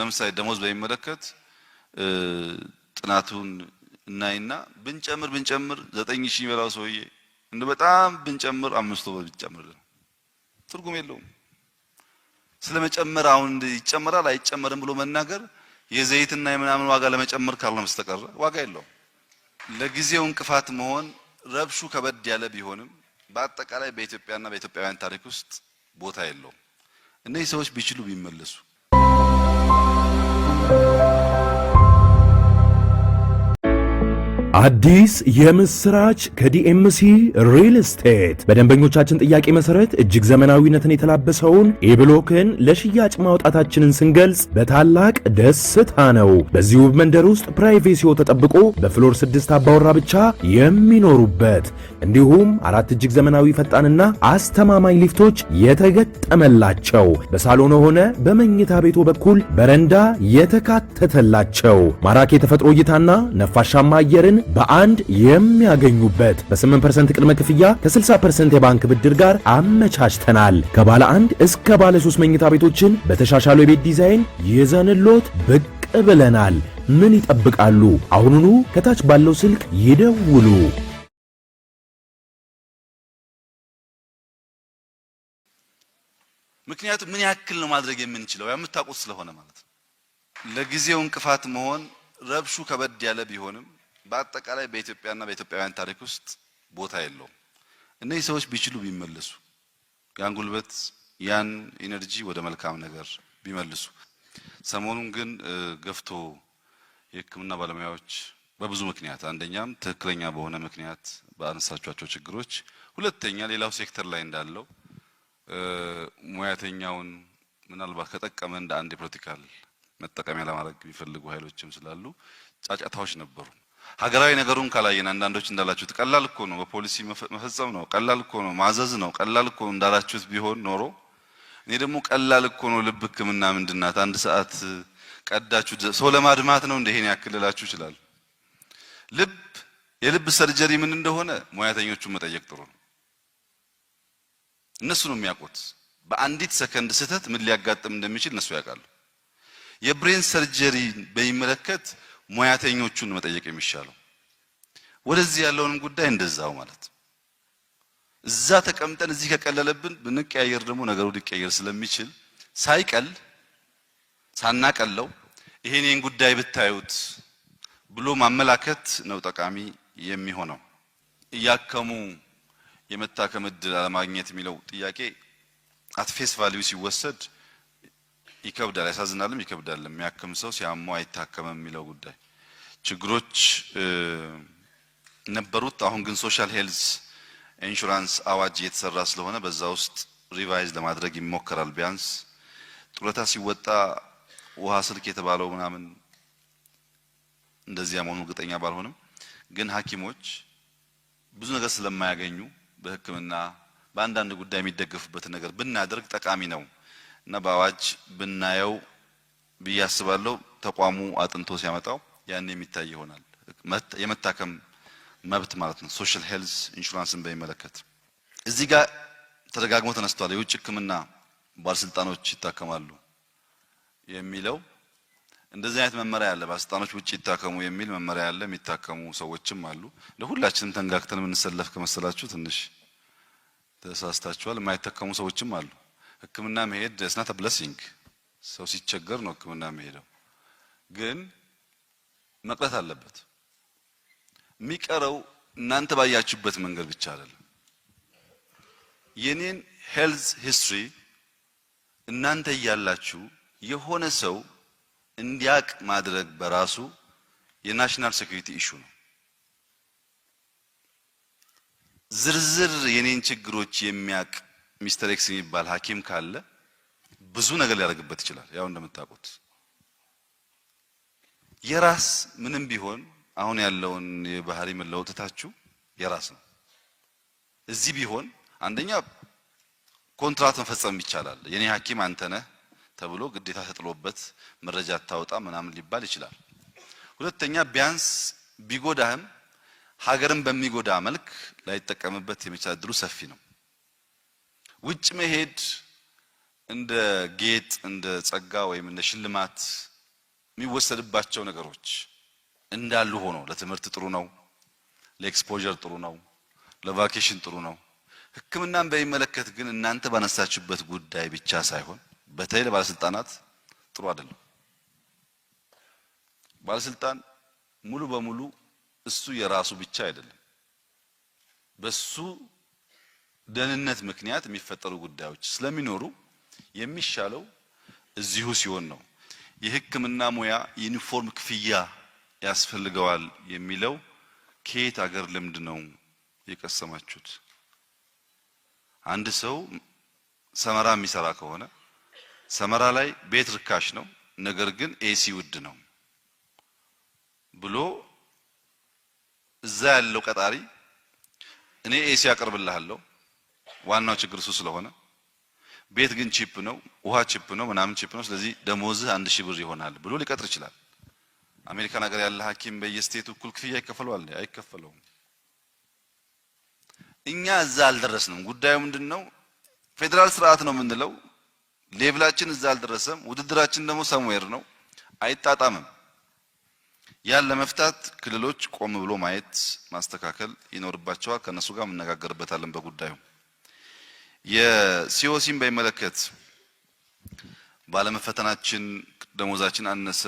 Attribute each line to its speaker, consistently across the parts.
Speaker 1: ለምሳሌ ደሞዝ በሚመለከት ጥናቱን እናይና ብንጨምር ብንጨምር ዘጠኝ ሺህ የሚበላው ሰውዬ እንደ በጣም ብንጨምር አምስት ወር ትርጉም የለውም። ስለመጨመር አሁን ይጨመራል አይጨመርም ብሎ መናገር የዘይትና የምናምን ዋጋ ለመጨመር ካልሆነ በስተቀር ዋጋ የለውም። ለጊዜው እንቅፋት መሆን ረብሹ ከበድ ያለ ቢሆንም በአጠቃላይ በኢትዮጵያና በኢትዮጵያውያን ታሪክ ውስጥ ቦታ የለውም። እነዚህ ሰዎች ቢችሉ ቢመለሱ አዲስ የምስራች ከዲኤምሲ ሪል ስቴት በደንበኞቻችን ጥያቄ መሰረት እጅግ ዘመናዊነትን የተላበሰውን ኤብሎክን ለሽያጭ ማውጣታችንን ስንገልጽ በታላቅ ደስታ ነው። በዚሁ መንደር ውስጥ ፕራይቬሲዎ ተጠብቆ በፍሎር ስድስት አባወራ ብቻ የሚኖሩበት እንዲሁም አራት እጅግ ዘመናዊ ፈጣንና አስተማማኝ ሊፍቶች የተገጠመላቸው በሳሎን ሆነ በመኝታ ቤቶ በኩል በረንዳ የተካተተላቸው ማራኪ የተፈጥሮ እይታና ነፋሻማ አየርን በአንድ የሚያገኙበት በ8% ቅድመ ክፍያ ከ60% የባንክ ብድር ጋር አመቻችተናል። ከባለ አንድ እስከ ባለ ሶስት መኝታ ቤቶችን በተሻሻለ የቤት ዲዛይን ይዘንሎት ብቅ ብለናል። ምን ይጠብቃሉ? አሁኑኑ ከታች ባለው ስልክ ይደውሉ። ምክንያቱም ምን ያክል ነው ማድረግ የምንችለው ያው የምታውቁት ስለሆነ ማለት ነው። ለጊዜው እንቅፋት መሆን ረብሹ ከበድ ያለ ቢሆንም በአጠቃላይ በኢትዮጵያና በኢትዮጵያውያን ታሪክ ውስጥ ቦታ የለውም። እነዚህ ሰዎች ቢችሉ ቢመለሱ ያን ጉልበት ያን ኢነርጂ ወደ መልካም ነገር ቢመልሱ። ሰሞኑን ግን ገፍቶ የሕክምና ባለሙያዎች በብዙ ምክንያት አንደኛም ትክክለኛ በሆነ ምክንያት በአነሳቸቸው ችግሮች፣ ሁለተኛ ሌላው ሴክተር ላይ እንዳለው ሙያተኛውን ምናልባት ከጠቀመ እንደ አንድ የፖለቲካል መጠቀሚያ ለማድረግ የሚፈልጉ ኃይሎችም ስላሉ ጫጫታዎች ነበሩ። ሀገራዊ ነገሩን ካላየን አንዳንዶች እንዳላችሁት ቀላል እኮ ነው፣ በፖሊሲ መፈጸም ነው፣ ቀላል እኮ ነው፣ ማዘዝ ነው፣ ቀላል እኮ ነው እንዳላችሁት ቢሆን ኖሮ እኔ ደግሞ ቀላል እኮ ነው ልብ ሕክምና ምንድናት? አንድ ሰዓት ቀዳችሁ ሰው ለማድማት ነው እንደ ያክልላችሁ ይችላል። ልብ የልብ ሰርጀሪ ምን እንደሆነ ሙያተኞቹን መጠየቅ ጥሩ ነው። እነሱ ነው የሚያውቁት። በአንዲት ሰከንድ ስህተት ምን ሊያጋጥም እንደሚችል እነሱ ያውቃሉ። የብሬን ሰርጀሪ በሚመለከት ሙያተኞቹን መጠየቅ የሚሻለው ወደዚህ ያለውንም ጉዳይ እንደዛው ማለት እዛ ተቀምጠን እዚህ ከቀለለብን ብንቀያየር ደግሞ ነገሩ ሊቀየር ስለሚችል ሳይቀል ሳናቀለው ይሄን ጉዳይ ብታዩት ብሎ ማመላከት ነው ጠቃሚ የሚሆነው። እያከሙ የመታከም እድል አለማግኘት የሚለው ጥያቄ አትፌስ ቫልዩ ሲወሰድ ይከብዳል፣ ያሳዝናልም ይከብዳል። የሚያክም ሰው ሲያሙ አይታከምም የሚለው ጉዳይ ችግሮች ነበሩት። አሁን ግን ሶሻል ሄልዝ ኢንሹራንስ አዋጅ እየተሰራ ስለሆነ በዛ ውስጥ ሪቫይዝ ለማድረግ ይሞከራል። ቢያንስ ጡረታ ሲወጣ ውሃ ስልክ የተባለው ምናምን እንደዚያ መሆኑ እርግጠኛ ባልሆንም ግን ሐኪሞች ብዙ ነገር ስለማያገኙ በሕክምና በአንዳንድ ጉዳይ የሚደገፉበትን ነገር ብናደርግ ጠቃሚ ነው። እና በአዋጅ ብናየው ብዬ አስባለሁ። ተቋሙ አጥንቶ ሲያመጣው ያን የሚታይ ይሆናል። የመታከም መብት ማለት ነው። ሶሻል ሄልዝ ኢንሹራንስን በሚመለከት እዚህ ጋር ተደጋግሞ ተነስቷል። የውጭ ሕክምና ባለስልጣኖች ይታከማሉ የሚለው እንደዚህ አይነት መመሪያ አለ። ባለስልጣኖች ውጭ ይታከሙ የሚል መመሪያ አለ። የሚታከሙ ሰዎችም አሉ። ለሁላችንም ተንጋግተን የምንሰለፍ ከመሰላችሁ ትንሽ ተሳስታችኋል። የማይታከሙ ሰዎችም አሉ። ህክምና መሄድ ስናት ብለሲንግ ሰው ሲቸገር ነው ህክምና መሄደው። ግን መቅረት አለበት። የሚቀረው እናንተ ባያችሁበት መንገድ ብቻ አይደለም። የኔን ሄልዝ ሂስትሪ እናንተ እያላችሁ የሆነ ሰው እንዲያቅ ማድረግ በራሱ የናሽናል ሴኩሪቲ ኢሹ ነው። ዝርዝር የኔን ችግሮች የሚያቅ ሚስተር ኤክስ የሚባል ሐኪም ካለ ብዙ ነገር ሊያደርግበት ይችላል። ያው እንደምታውቁት የራስ ምንም ቢሆን አሁን ያለውን የባህሪ መለወጥታችሁ የራስ ነው። እዚህ ቢሆን አንደኛ ኮንትራት መፈጸም ይቻላል። የኔ ሐኪም አንተ ነህ ተብሎ ግዴታ ተጥሎበት መረጃ አታወጣ ምናምን ሊባል ይችላል። ሁለተኛ ቢያንስ ቢጎዳህም ሀገርን በሚጎዳ መልክ ላይጠቀምበት የመቻል እድሉ ሰፊ ነው። ውጭ መሄድ እንደ ጌጥ እንደ ጸጋ ወይም እንደ ሽልማት የሚወሰድባቸው ነገሮች እንዳሉ ሆኖ ለትምህርት ጥሩ ነው፣ ለኤክስፖዠር ጥሩ ነው፣ ለቫኬሽን ጥሩ ነው። ሕክምናን በሚመለከት ግን እናንተ ባነሳችሁበት ጉዳይ ብቻ ሳይሆን በተለይ ለባለስልጣናት ጥሩ አይደለም። ባለስልጣን ሙሉ በሙሉ እሱ የራሱ ብቻ አይደለም በሱ ደህንነት ምክንያት የሚፈጠሩ ጉዳዮች ስለሚኖሩ የሚሻለው እዚሁ ሲሆን ነው። የሕክምና ሙያ ዩኒፎርም ክፍያ ያስፈልገዋል የሚለው ከየት አገር ልምድ ነው የቀሰማችሁት? አንድ ሰው ሰመራ የሚሰራ ከሆነ ሰመራ ላይ ቤት ርካሽ ነው፣ ነገር ግን ኤሲ ውድ ነው ብሎ እዛ ያለው ቀጣሪ እኔ ኤሲ አቀርብልሃለሁ ዋናው ችግር እሱ ስለሆነ ቤት ግን ቺፕ ነው፣ ውሃ ቺፕ ነው፣ ምናምን ቺፕ ነው። ስለዚህ ደሞዝህ አንድ ሺህ ብር ይሆናል ብሎ ሊቀጥር ይችላል። አሜሪካን ሀገር ያለ ሐኪም በየስቴቱ እኩል ክፍያ ይከፈለዋል? አይከፈለውም። እኛ እዛ አልደረስንም። ጉዳዩ ምንድን ነው? ፌዴራል ስርዓት ነው የምንለው፣ ሌብላችን እዛ አልደረሰም። ውድድራችን ደግሞ ሰሙዌር ነው፣ አይጣጣምም። ያን ለመፍታት ክልሎች ቆም ብሎ ማየት ማስተካከል ይኖርባቸዋል። ከእነሱ ጋር እንነጋገርበታለን በጉዳዩ የሲኦሲን በሚመለከት ባለመፈተናችን ደሞዛችን አነሰ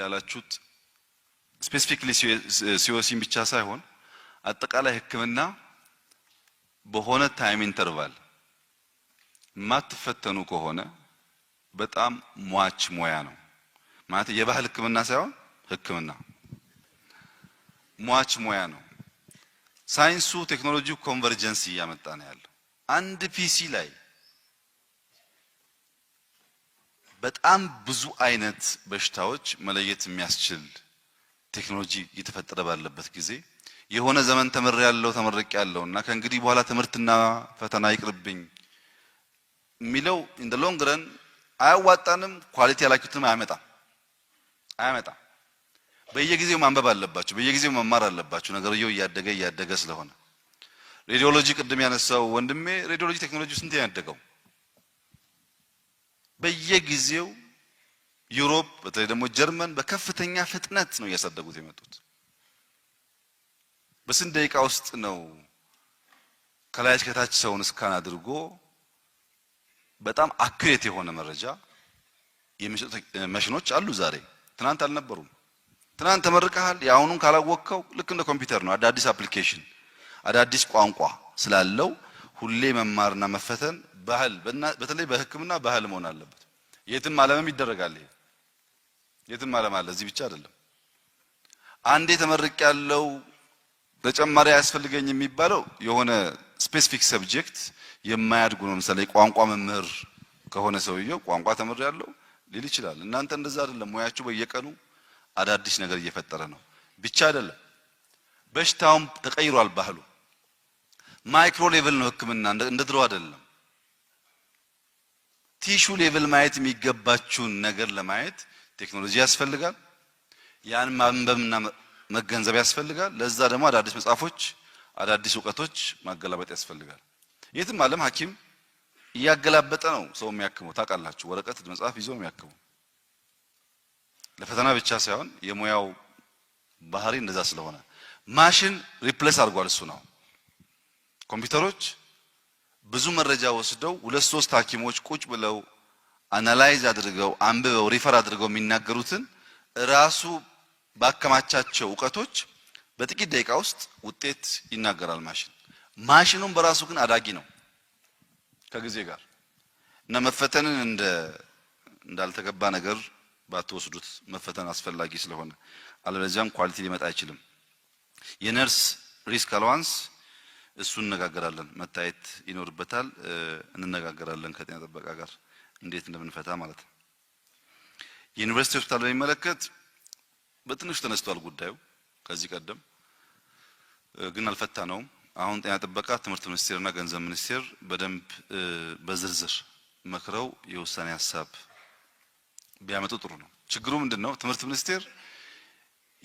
Speaker 1: ያላችሁት ስፔሲፊክሊ ሲኦሲን ብቻ ሳይሆን አጠቃላይ ሕክምና በሆነ ታይም ኢንተርቫል የማትፈተኑ ከሆነ በጣም ሟች ሙያ ነው። ማለት የባህል ሕክምና ሳይሆን ሕክምና ሟች ሙያ ነው። ሳይንሱ ቴክኖሎጂው ኮንቨርጀንስ እያመጣ ነው ያለው። አንድ ፒሲ ላይ በጣም ብዙ አይነት በሽታዎች መለየት የሚያስችል ቴክኖሎጂ እየተፈጠረ ባለበት ጊዜ የሆነ ዘመን ተምር ያለው ተመረቅ ያለው እና ከእንግዲህ በኋላ ትምህርትና ፈተና ይቅርብኝ የሚለው እንደ ሎንግ ረን አያዋጣንም። ኳሊቲ ያላችሁትም አያመጣም አያመጣም። በየጊዜው ማንበብ አለባችሁ፣ በየጊዜው መማር አለባችሁ። ነገርየው እያደገ እያደገ ስለሆነ ሬዲዮሎጂ ቅድም ያነሳው ወንድሜ ሬዲዮሎጂ ቴክኖሎጂ ስንት ያደገው በየጊዜው ዩሮፕ በተለይ ደግሞ ጀርመን በከፍተኛ ፍጥነት ነው እያሳደጉት የመጡት። በስንት ደቂቃ ውስጥ ነው ከላይ ከታች ሰውን እስካን አድርጎ በጣም አክሬት የሆነ መረጃ የሚሰጡ መሽኖች አሉ ዛሬ። ትናንት አልነበሩም። ትናንት ተመርቀሃል፣ የአሁኑን ካላወቅከው ልክ እንደ ኮምፒውተር ነው አዳዲስ አፕሊኬሽን አዳዲስ ቋንቋ ስላለው ሁሌ መማርና መፈተን ባህል በተለይ በሕክምና ባህል መሆን አለበት። የትም ዓለምም ይደረጋል። ይሄ የትም ዓለም አለ፣ እዚህ ብቻ አይደለም። አንዴ ተመርቅ ያለው ተጨማሪ አያስፈልገኝ የሚባለው የሆነ ስፔሲፊክ ሰብጀክት የማያድጉ ነው። ለምሳሌ ቋንቋ መምህር ከሆነ ሰውየው ቋንቋ ተምር ያለው ሊል ይችላል። እናንተ እንደዛ አይደለም። ሙያችሁ በየቀኑ አዳዲስ ነገር እየፈጠረ ነው ብቻ አይደለም። በሽታውም ተቀይሯል ባህሉ ማይክሮ ሌቭል ነው ህክምና እንደ ድሮ አይደለም። ቲሹ ሌቭል ማየት የሚገባችውን ነገር ለማየት ቴክኖሎጂ ያስፈልጋል። ያን ማንበብና መገንዘብ ያስፈልጋል። ለዛ ደግሞ አዳዲስ መጽሐፎች፣ አዳዲስ እውቀቶች ማገላበጥ ያስፈልጋል። የትም ዓለም ሐኪም እያገላበጠ ነው ሰው የሚያክመው። ታውቃላችሁ፣ ወረቀት መጽሐፍ ይዞ ነው የሚያክመው። ለፈተና ብቻ ሳይሆን የሙያው ባህሪ እንደዛ ስለሆነ ማሽን ሪፕሌስ አድርጓል እሱ ነው ኮምፒውተሮች ብዙ መረጃ ወስደው ሁለት ሶስት ሐኪሞች ቁጭ ብለው አናላይዝ አድርገው አንብበው ሪፈር አድርገው የሚናገሩትን ራሱ ባከማቻቸው እውቀቶች በጥቂት ደቂቃ ውስጥ ውጤት ይናገራል ማሽን። ማሽኑም በራሱ ግን አዳጊ ነው ከጊዜ ጋር እና መፈተንን እንደ እንዳልተገባ ነገር ባትወስዱት መፈተን አስፈላጊ ስለሆነ አለበለዚያም ኳሊቲ ሊመጣ አይችልም። የነርስ ሪስክ አልዋንስ። እሱን እነጋገራለን። መታየት ይኖርበታል። እንነጋገራለን ከጤና ጥበቃ ጋር እንዴት እንደምንፈታ ማለት ነው። የዩኒቨርሲቲ ሆስፒታል በሚመለከት በትንሹ ተነስቷል ጉዳዩ ከዚህ ቀደም ግን አልፈታ ነውም። አሁን ጤና ጥበቃ፣ ትምህርት ሚኒስቴርና ገንዘብ ሚኒስቴር በደንብ በዝርዝር መክረው የውሳኔ ሀሳብ ቢያመጡ ጥሩ ነው። ችግሩ ምንድን ነው? ትምህርት ሚኒስቴር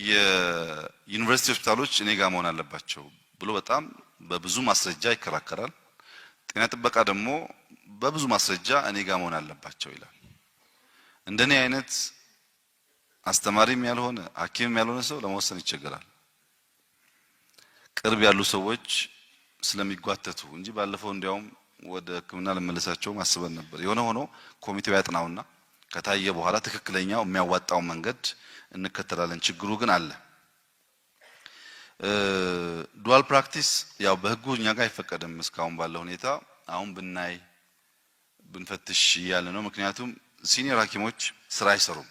Speaker 1: የዩኒቨርሲቲ ሆስፒታሎች እኔ ጋር መሆን አለባቸው ብሎ በጣም በብዙ ማስረጃ ይከራከራል። ጤና ጥበቃ ደግሞ በብዙ ማስረጃ እኔ ጋር መሆን አለባቸው ይላል። እንደኔ አይነት አስተማሪም ያልሆነ ሐኪምም ያልሆነ ሰው ለመወሰን ይቸገራል። ቅርብ ያሉ ሰዎች ስለሚጓተቱ እንጂ ባለፈው እንዲያውም ወደ ሕክምና ልመልሳቸውም አስበን ነበር። የሆነ ሆኖ ኮሚቴው ያጥናውና ከታየ በኋላ ትክክለኛው የሚያዋጣው መንገድ እንከተላለን። ችግሩ ግን አለ። ዱዋል ፕራክቲስ ያው በህጉ እኛ ጋር አይፈቀድም እስካሁን ባለ ሁኔታ። አሁን ብናይ ብንፈትሽ እያለ ነው። ምክንያቱም ሲኒየር ሐኪሞች ስራ አይሰሩም።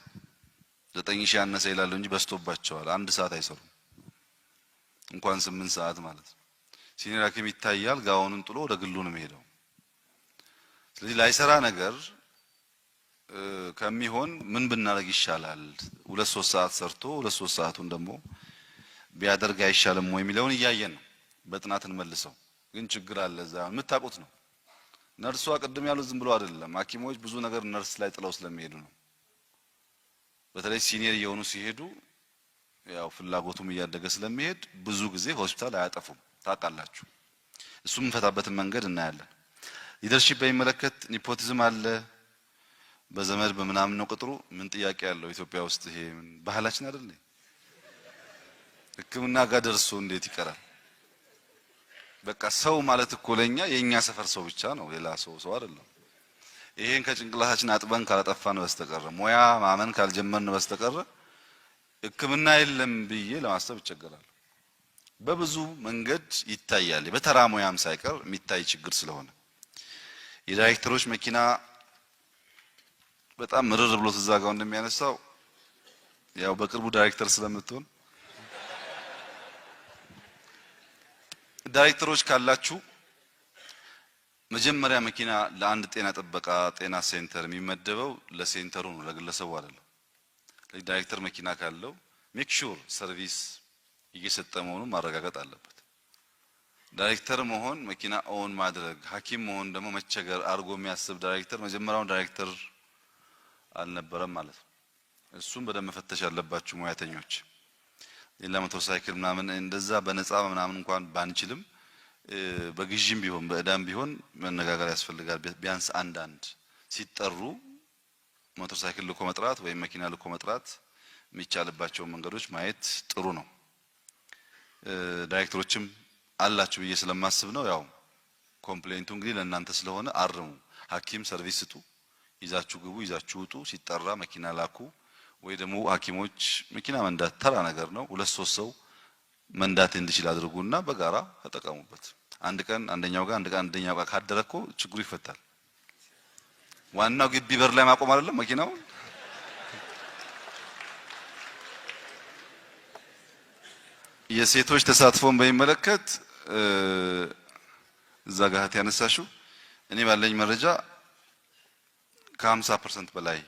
Speaker 1: ዘጠኝ ሺህ ያነሰ ይላሉ እንጂ በዝቶባቸዋል። አንድ ሰዓት አይሰሩም እንኳን ስምንት ሰዓት ማለት ነው። ሲኒየር ሐኪም ይታያል፣ ጋውኑን ጥሎ ወደ ግሉ ነው የሚሄደው። ስለዚህ ላይሰራ ነገር ከሚሆን ምን ብናደርግ ይሻላል? ሁለት ሶስት ሰዓት ሰርቶ ሁለት ሶስት ሰዓቱን ደግሞ ቢያደርግ አይሻልም ወይ የሚለውን እያየን ነው። በጥናትን መልሰው ግን ችግር አለ እዛ የምታውቁት ነው። ነርሷ ቅድም ያሉት ዝም ብሎ አይደለም። ሐኪሞች ብዙ ነገር ነርስ ላይ ጥለው ስለሚሄዱ ነው። በተለይ ሲኒየር እየሆኑ ሲሄዱ ያው ፍላጎቱም እያደገ ስለሚሄድ ብዙ ጊዜ ሆስፒታል አያጠፉም። ታውቃላችሁ። እሱም እንፈታበትን መንገድ እናያለን። ሊደርሺፕ በሚመለከት ኒፖቲዝም አለ በዘመድ በምናምን ነው ቅጥሩ። ምን ጥያቄ ያለው ኢትዮጵያ ውስጥ ይሄ ባህላችን አይደል? ህክምና ጋር ደርሶ እንዴት ይቀራል? በቃ ሰው ማለት እኮ ለኛ የኛ ሰፈር ሰው ብቻ ነው፣ ሌላ ሰው ሰው አይደለም። ይሄን ከጭንቅላታችን አጥበን ካላጠፋን በስተቀረ ሙያ ማመን ካልጀመርን በስተቀረ ህክምና የለም ብዬ ለማሰብ ይቸገራል። በብዙ መንገድ ይታያል። በተራ ሙያም ሳይቀር የሚታይ ችግር ስለሆነ የዳይሬክተሮች መኪና በጣም ምርር ብሎ ትዛጋው እንደሚያነሳው ያው በቅርቡ ዳይሬክተር ስለምትሆን ዳይሬክተሮች ካላችሁ መጀመሪያ መኪና ለአንድ ጤና ጥበቃ ጤና ሴንተር የሚመደበው ለሴንተሩ ነው፣ ለግለሰቡ አይደለም። ዳይሬክተር መኪና ካለው ሜክ ሹር ሰርቪስ እየሰጠ መሆኑን ማረጋገጥ አለበት። ዳይሬክተር መሆን መኪና ኦን ማድረግ ሐኪም መሆን ደግሞ መቸገር አድርጎ የሚያስብ ዳይሬክተር መጀመሪያውን ዳይሬክተር አልነበረም ማለት ነው። እሱም በደንብ መፈተሽ ያለባችሁ ሙያተኞች ሌላ ሞተር ሳይክል ምናምን እንደዛ በነፃ ምናምን እንኳን ባንችልም በግዥም ቢሆን በእዳም ቢሆን መነጋገር ያስፈልጋል። ቢያንስ አንዳንድ ሲጠሩ ሞተር ሳይክል ልኮ መጥራት ወይም መኪና ልኮ መጥራት የሚቻልባቸውን መንገዶች ማየት ጥሩ ነው። ዳይሬክተሮችም አላችሁ ብዬ ስለማስብ ነው። ያው ኮምፕሌንቱ እንግዲህ ለእናንተ ስለሆነ አርሙ። ሐኪም ሰርቪስ ስጡ፣ ይዛችሁ ግቡ፣ ይዛችሁ ውጡ፣ ሲጠራ መኪና ላኩ። ወይ ደግሞ ሐኪሞች መኪና መንዳት ተራ ነገር ነው፣ ሁለት ሶስት ሰው መንዳት እንዲችል አድርጉና በጋራ ተጠቀሙበት። አንድ ቀን አንደኛው ጋር አንድ ቀን አንደኛው ጋር ካደረ እኮ ችግሩ ይፈታል። ዋናው ግቢ በር ላይ ማቆም አይደለም መኪናው የሴቶች ተሳትፎን በሚመለከት እዛ ጋር ያነሳሽው እኔ ባለኝ መረጃ ከ50 በላይ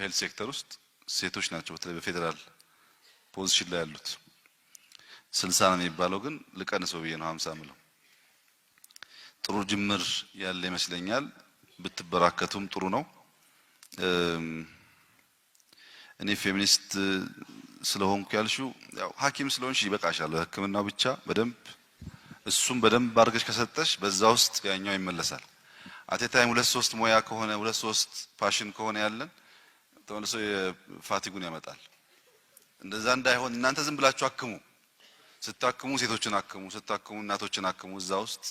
Speaker 1: ሄልት ሴክተር ውስጥ ሴቶች ናቸው በተለይ በፌዴራል ፖዚሽን ላይ ያሉት። ስልሳ ነው የሚባለው ግን ልቀንሰው ብዬ ነው ሀምሳ ምለው። ጥሩ ጅምር ያለ ይመስለኛል። ብትበራከቱም ጥሩ ነው። እኔ ፌሚኒስት ስለሆንኩ ያልሹ ያው ሐኪም ስለሆንሽ ይበቃሻል። ሕክምናው ብቻ በደንብ እሱም በደንብ አድርገሽ ከሰጠሽ በዛ ውስጥ ያኛው ይመለሳል። አቴታይም ሁለት ሶስት ሙያ ከሆነ ሁለት ሶስት ፓሽን ከሆነ ያለን ተመልሶ የፋቲጉን ያመጣል። እንደዛ እንዳይሆን እናንተ ዝም ብላችሁ አክሙ። ስታክሙ ሴቶችን አክሙ፣ ስታክሙ እናቶችን አክሙ። እዛ ውስጥ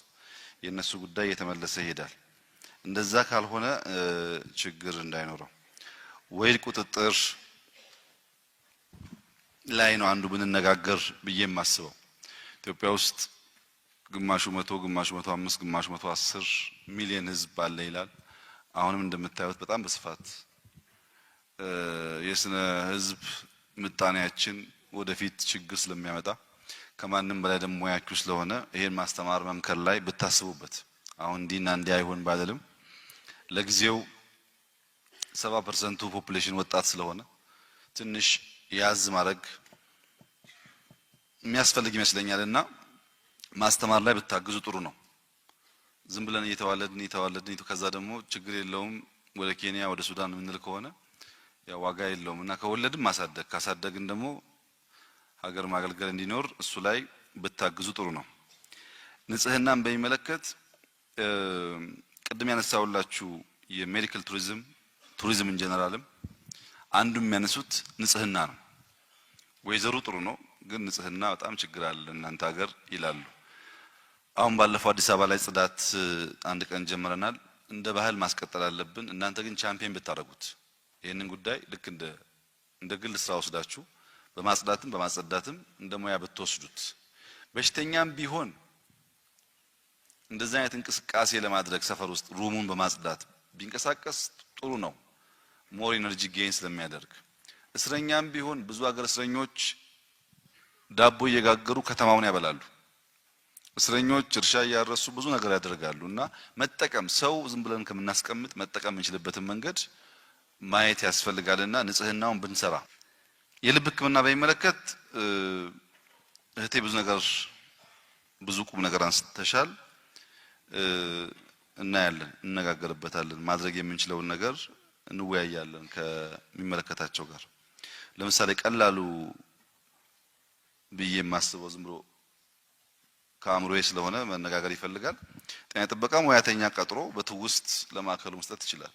Speaker 1: የእነሱ ጉዳይ እየተመለሰ ይሄዳል። እንደዛ ካልሆነ ችግር እንዳይኖረው ወይል ቁጥጥር ላይ ነው አንዱ ብንነጋገር ብዬ የማስበው ኢትዮጵያ ውስጥ ግማሹ መቶ ግማሹ መቶ አምስት ግማሹ መቶ አስር ሚሊዮን ህዝብ አለ ይላል። አሁንም እንደምታዩት በጣም በስፋት የስነ ህዝብ ምጣኔያችን ወደፊት ችግር ስለሚያመጣ ከማንም በላይ ደግሞ ሙያችሁ ስለሆነ ይሄን ማስተማር መምከር ላይ ብታስቡበት። አሁን እንዲና እንዲህ አይሆን ባልልም ለጊዜው ሰባ ፐርሰንቱ ፖፑሌሽን ወጣት ስለሆነ ትንሽ ያዝ ማድረግ የሚያስፈልግ ይመስለኛል እና ማስተማር ላይ ብታግዙ ጥሩ ነው። ዝም ብለን እየተዋለድን እየተዋለድን ከዛ ደግሞ ችግር የለውም ወደ ኬንያ ወደ ሱዳን የምንል ከሆነ ያው ዋጋ የለውም እና ከወለድም ማሳደግ ካሳደግን ደግሞ ሀገር ማገልገል እንዲኖር እሱ ላይ ብታግዙ ጥሩ ነው። ንጽህናን በሚመለከት ቅድም ያነሳውላችሁ የሜዲካል ቱሪዝም ቱሪዝም እንጀነራልም አንዱ የሚያነሱት ንጽህና ነው። ወይዘሩ ጥሩ ነው ግን ንጽህና በጣም ችግር አለ እናንተ ሀገር ይላሉ። አሁን ባለፈው አዲስ አበባ ላይ ጽዳት አንድ ቀን ጀምረናል። እንደ ባህል ማስቀጠል አለብን። እናንተ ግን ቻምፒየን ብታደርጉት ይህንን ጉዳይ ልክ እንደ እንደ ግል ስራ ወስዳችሁ በማጽዳትም በማጸዳትም እንደ ሙያ ብትወስዱት በሽተኛም ቢሆን እንደዚህ አይነት እንቅስቃሴ ለማድረግ ሰፈር ውስጥ ሩሙን በማጽዳት ቢንቀሳቀስ ጥሩ ነው። ሞር ኢነርጂ ጌን ስለሚያደርግ እስረኛም ቢሆን ብዙ ሀገር እስረኞች ዳቦ እየጋገሩ ከተማውን ያበላሉ። እስረኞች እርሻ እያረሱ ብዙ ነገር ያደርጋሉ እና መጠቀም ሰው ዝም ብለን ከምናስቀምጥ መጠቀም እንችልበትን መንገድ ማየት ያስፈልጋልና ንጽህናውን ብንሰራ። የልብ ህክምና በሚመለከት እህቴ ብዙ ነገር ብዙ ቁም ነገር አንስተሻል። እናያለን፣ እነጋገርበታለን። ማድረግ የምንችለውን ነገር እንወያያለን ከሚመለከታቸው ጋር። ለምሳሌ ቀላሉ ብዬ የማስበው ዝም ከአእምሮ ስለሆነ መነጋገር ይፈልጋል። ጤና ጥበቃ ሙያተኛ ቀጥሮ በትውስት ለማዕከሉ መስጠት ይችላል።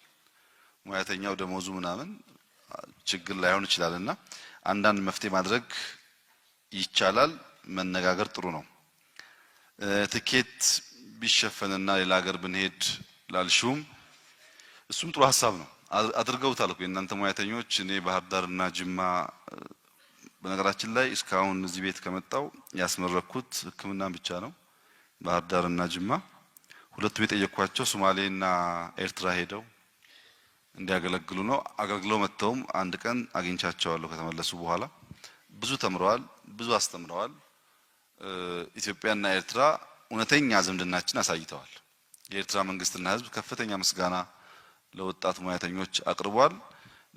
Speaker 1: ሙያተኛው ደሞዙ ምናምን ችግር ላይሆን ይችላል እና አንዳንድ መፍትሄ ማድረግ ይቻላል። መነጋገር ጥሩ ነው። ትኬት ቢሸፈንና ሌላ ሀገር ብንሄድ ላልሹም እሱም ጥሩ ሀሳብ ነው። አድርገውታል እኮ የእናንተ ሙያተኞች። እኔ ባህር ዳርና ጅማ በነገራችን ላይ እስካሁን እዚህ ቤት ከመጣው ያስመረኩት ሕክምናን ብቻ ነው። ባህር ዳርና ጅማ ሁለቱም የጠየኳቸው ሶማሌና ኤርትራ ሄደው እንዲያገለግሉ ነው። አገልግለው መጥተውም አንድ ቀን አግኝቻቸዋለሁ። ከተመለሱ በኋላ ብዙ ተምረዋል፣ ብዙ አስተምረዋል። ኢትዮጵያና ኤርትራ እውነተኛ ዝምድናችን አሳይተዋል። የኤርትራ መንግስትና ህዝብ ከፍተኛ ምስጋና ለወጣት ሙያተኞች አቅርቧል።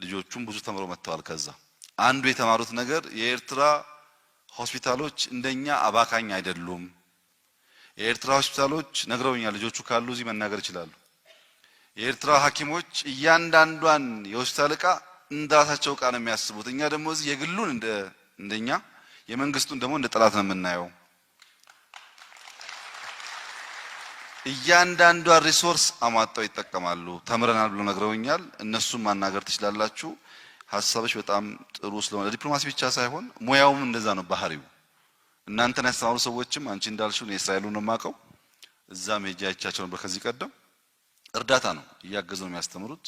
Speaker 1: ልጆቹም ብዙ ተምረው መጥተዋል። ከዛ አንዱ የተማሩት ነገር የኤርትራ ሆስፒታሎች እንደኛ አባካኝ አይደሉም። የኤርትራ ሆስፒታሎች ነግረውኛል። ልጆቹ ካሉ እዚህ መናገር ይችላሉ። የኤርትራ ሐኪሞች እያንዳንዷን የሆስፒታል ዕቃ እንደራሳቸው እቃ ነው የሚያስቡት። እኛ ደግሞ እዚህ የግሉን እንደ እንደኛ የመንግስቱን ደግሞ እንደ ጠላት ነው የምናየው። እያንዳንዷን ሪሶርስ አሟጣው ይጠቀማሉ። ተምረናል ብሎ ነግረውኛል። እነሱ ማናገር ትችላላችሁ። ሀሳቦች በጣም ጥሩ ስለሆነ ዲፕሎማሲ ብቻ ሳይሆን ሙያውም እንደዛ ነው ባህሪው። እናንተን ያስተማሩ ሰዎችም አንቺ እንዳልሽው ነው። ነው የማውቀው። እዛም ሄጄ አይቻቸው ነበር ከዚህ ቀደም እርዳታ ነው እያገዙ ነው የሚያስተምሩት።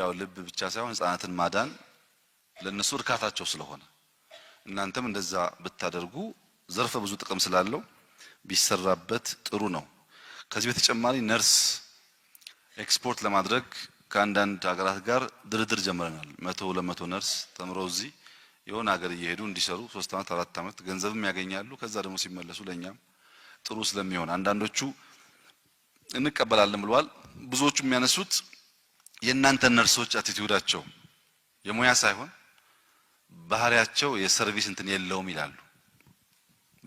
Speaker 1: ያው ልብ ብቻ ሳይሆን ህጻናትን ማዳን ለነሱ እርካታቸው ስለሆነ እናንተም እንደዛ ብታደርጉ ዘርፈ ብዙ ጥቅም ስላለው ቢሰራበት ጥሩ ነው። ከዚህ በተጨማሪ ነርስ ኤክስፖርት ለማድረግ ከአንዳንድ ሀገራት ጋር ድርድር ጀምረናል። መቶ ለመቶ ነርስ ተምረው እዚህ የሆነ ሀገር እየሄዱ እንዲሰሩ ሶስት አመት አራት ዓመት ገንዘብም ያገኛሉ። ከዛ ደግሞ ሲመለሱ ለእኛም ጥሩ ስለሚሆን አንዳንዶቹ እንቀበላለን ብለዋል። ብዙዎቹ የሚያነሱት የእናንተ ነርሶች አቲቲዩዳቸው የሙያ ሳይሆን ባህሪያቸው የሰርቪስ እንትን የለውም ይላሉ።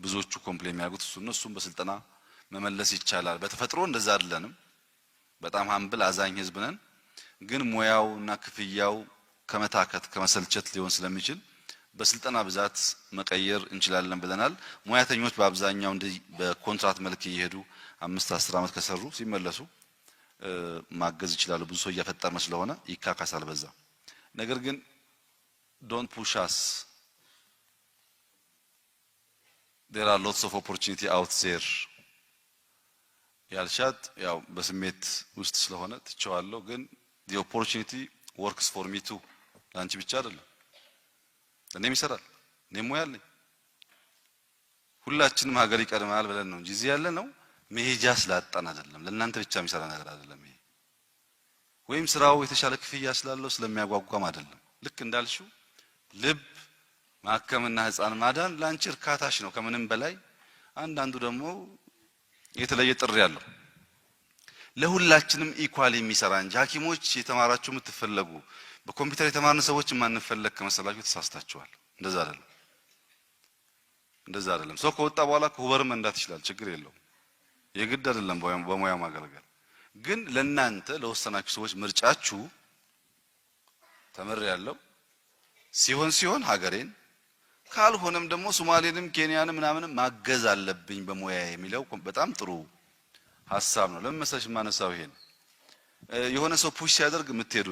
Speaker 1: ብዙዎቹ ኮምፕሌን የሚያደርጉት እሱ ነው። እሱም በስልጠና መመለስ ይቻላል። በተፈጥሮ እንደዛ አይደለንም። በጣም ሀምብል አዛኝ ህዝብ ነን። ግን ሙያው እና ክፍያው ከመታከት ከመሰልቸት ሊሆን ስለሚችል በስልጠና ብዛት መቀየር እንችላለን ብለናል። ሙያተኞች በአብዛኛው እንደ በኮንትራት መልክ እየሄዱ አምስት አስር ዓመት ከሰሩ ሲመለሱ ማገዝ ይችላሉ። ብዙ ሰው እያፈጠነ ስለሆነ ይካካሳል በዛ። ነገር ግን ዶንት ፑሽ አስ ዴር አር ሎትስ ኦፍ ኦፖርቹኒቲ አውት ዜር ያልሻት ያው በስሜት ውስጥ ስለሆነ ትቸዋለሁ። ግን ዲ ኦፖርቹኒቲ ወርክስ ፎር ሚ ቱ ለአንቺ ብቻ አይደለም፣ እኔም ይሰራል። እኔም ሙያ አለኝ። ሁላችንም ሀገር ይቀድማል ብለን ነው እንጂ እዚህ ያለ ነው መሄጃ ስላጣን አይደለም። ለእናንተ ብቻ የሚሰራ ነገር አይደለም ይሄ። ወይም ስራው የተሻለ ክፍያ ስላለው ስለሚያጓጓም አይደለም። ልክ እንዳልሽው ልብ ማከምና ህፃን ማዳን ለአንቺ እርካታሽ ነው ከምንም በላይ። አንዳንዱ ደግሞ የተለየ ጥሪ አለው ለሁላችንም ኢኳል የሚሰራ እንጂ ሐኪሞች የተማራችሁ የምትፈለጉ በኮምፒውተር የተማርን ሰዎች የማንፈለግ ከመሰላችሁ ተሳስታችኋል። እንደዛ አይደለም፣ እንደዛ አይደለም። ሰው ከወጣ በኋላ ከሁበርም መንዳት ይችላል፣ ችግር የለውም። የግድ አይደለም በሙያ ማገልገል። ግን ለእናንተ ለወሰናችሁ ሰዎች ምርጫችሁ ተምር ያለው ሲሆን ሲሆን ሀገሬን ካልሆነም ደግሞ ሶማሌንም ኬንያንም ምናምንም ማገዝ አለብኝ በሙያ የሚለው በጣም ጥሩ ሀሳብ ነው። ለምን መሰለሽ የማነሳው ይሄን የሆነ ሰው ፑሽ ሲያደርግ የምትሄዱ